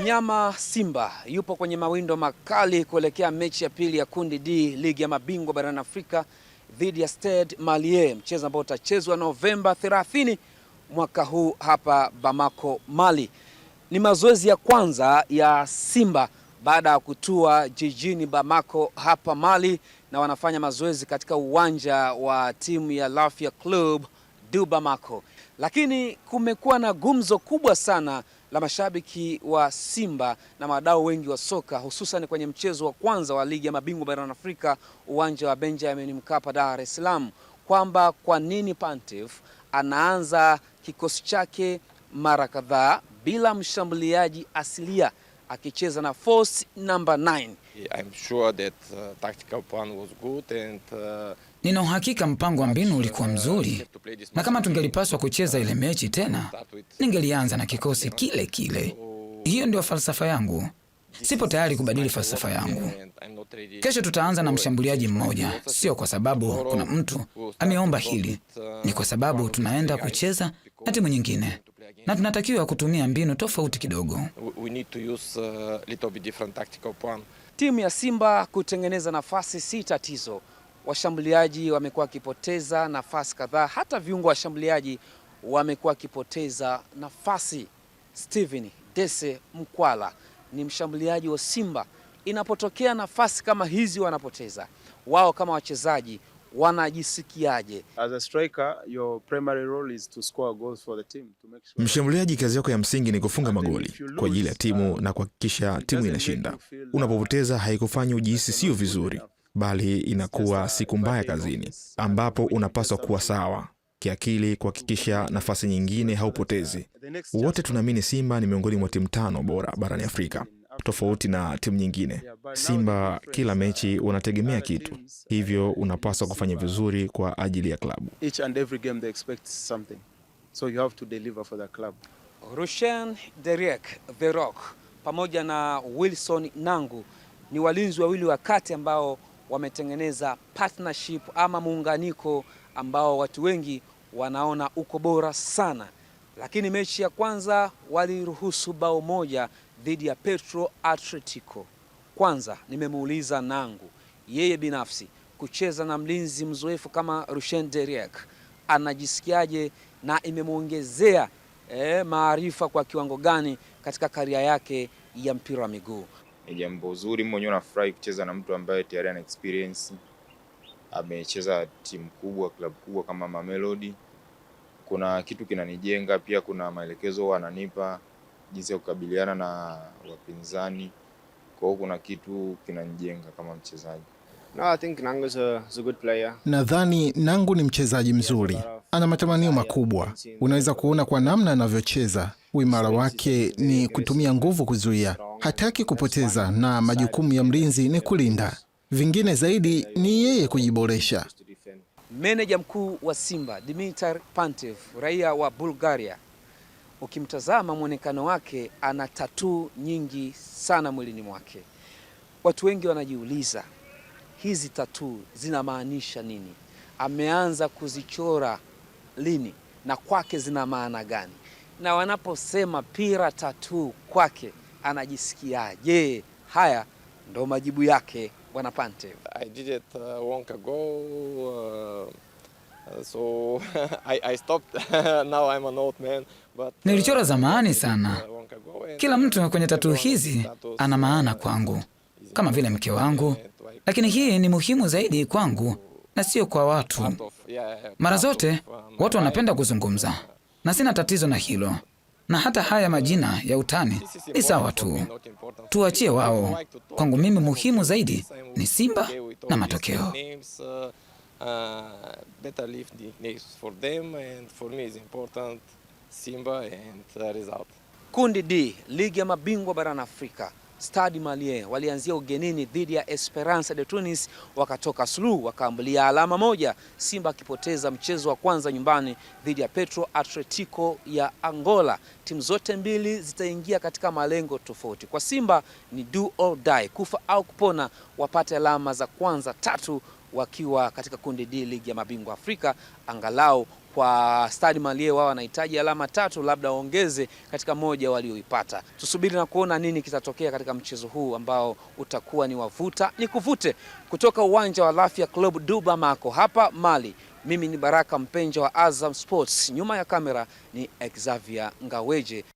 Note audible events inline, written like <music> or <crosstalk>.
Mnyama Simba yupo kwenye mawindo makali kuelekea mechi ya pili ya kundi D ligi ya mabingwa barani Afrika dhidi ya Stade Malien, mchezo ambao utachezwa Novemba 30 mwaka huu hapa Bamako, Mali. Ni mazoezi ya kwanza ya Simba baada ya kutua jijini Bamako hapa Mali, na wanafanya mazoezi katika uwanja wa timu ya Lafia Club du Bamako. Lakini kumekuwa na gumzo kubwa sana la mashabiki wa Simba na wadau wengi wa soka hususan kwenye mchezo wa kwanza wa ligi ya mabingwa barani Afrika uwanja wa Benjamin Mkapa Dar es Salaam, kwamba kwa nini Pantev anaanza kikosi chake mara kadhaa bila mshambuliaji asilia akicheza na force number 9. I'm sure that uh, tactical plan was good and uh, Nina uhakika mpango wa mbinu ulikuwa mzuri, na kama tungelipaswa kucheza ile mechi tena, ningelianza na kikosi kile kile. Hiyo ndio falsafa yangu. Sipo tayari kubadili falsafa yangu. Kesho tutaanza na mshambuliaji mmoja, sio kwa sababu kuna mtu ameomba hili, ni kwa sababu tunaenda kucheza na timu nyingine na tunatakiwa kutumia mbinu tofauti kidogo. Timu ya Simba kutengeneza nafasi si tatizo washambuliaji wamekuwa wakipoteza nafasi kadhaa, hata viungo washambuliaji wamekuwa wakipoteza nafasi. Steven Dese Mkwala ni mshambuliaji wa Simba. Inapotokea nafasi kama hizi wanapoteza, wao kama wachezaji wanajisikiaje? As a striker your primary role is to score goals for the team to make sure. Mshambuliaji, kazi yako ya msingi ni kufunga magoli kwa ajili ya timu uh, na kuhakikisha timu inashinda. Uh, Unapopoteza haikufanyi ujihisi sio vizuri, bali inakuwa siku mbaya kazini, ambapo unapaswa kuwa sawa kiakili kuhakikisha nafasi nyingine haupotezi. Wote tunaamini Simba ni miongoni mwa timu tano bora barani Afrika. Tofauti na timu nyingine, Simba kila uh, mechi unategemea kitu, hivyo unapaswa kufanya vizuri kwa ajili ya klabu. Rushen Derek Verok pamoja na Wilson Nangu ni walinzi wawili wa kati ambao wametengeneza partnership ama muunganiko ambao watu wengi wanaona uko bora sana, lakini mechi ya kwanza waliruhusu bao moja dhidi ya Petro Atletico. Kwanza nimemuuliza Nangu yeye binafsi kucheza na mlinzi mzoefu kama Rushen Deriek anajisikiaje na imemwongezea eh, maarifa kwa kiwango gani katika karia yake ya mpira wa miguu ni jambo zuri. Mwenyewe nafurahi kucheza na mtu ambaye tayari ana experience, amecheza timu kubwa, klabu kubwa kama Mamelodi. Kuna kitu kinanijenga pia, kuna maelekezo wananipa ananipa jinsi ya kukabiliana na wapinzani. Kwa hiyo kuna kitu kinanijenga kama mchezaji. No, nadhani Nangu ni mchezaji mzuri, ana matamanio makubwa. Unaweza kuona kwa namna anavyocheza. Uimara wake ni kutumia nguvu kuzuia, hataki kupoteza, na majukumu ya mlinzi ni kulinda. Vingine zaidi ni yeye kujiboresha. Meneja mkuu wa Simba Dimitar Pantev, raia wa Bulgaria, ukimtazama mwonekano wake, ana tatuu nyingi sana mwilini mwake. Watu wengi wanajiuliza hizi tatuu zinamaanisha nini? Ameanza kuzichora lini na kwake zina maana gani? na wanaposema Pira tatu kwake anajisikiaje? Haya ndo majibu yake bwana Pante. I did it uh, long ago, uh, uh so <laughs> I, I stopped. <laughs> Now I'm an old man, but, uh, nilichora zamani sana. Uh, Kila mtu kwenye tatu hizi ana maana uh, kwangu kama vile mke wangu, lakini hii ni muhimu zaidi kwangu na sio kwa watu. Mara zote watu wanapenda kuzungumza na sina tatizo na hilo, na hata haya majina ya utani ni sawa tu, tuachie wao. Kwangu mimi muhimu zaidi ni Simba na matokeo. Uh, uh, Kundi D, ligi ya mabingwa barani Afrika. Stade Malien walianzia ugenini dhidi ya Esperance de Tunis wakatoka suluhu, wakaambulia alama moja, Simba akipoteza mchezo wa kwanza nyumbani dhidi ya Petro Atletico ya Angola. Timu zote mbili zitaingia katika malengo tofauti. Kwa Simba ni do or die, kufa au kupona, wapate alama za kwanza tatu wakiwa katika kundi D ligi ya mabingwa Afrika, angalau kwa Stade Malie wao wanahitaji alama tatu, labda waongeze katika moja walioipata. Tusubiri na kuona nini kitatokea katika mchezo huu ambao utakuwa ni wavuta ni kuvute, kutoka uwanja wa Lafia Club du Bamako hapa Mali. Mimi ni Baraka Mpenja wa Azam Sports, nyuma ya kamera ni Xavier Ngaweje.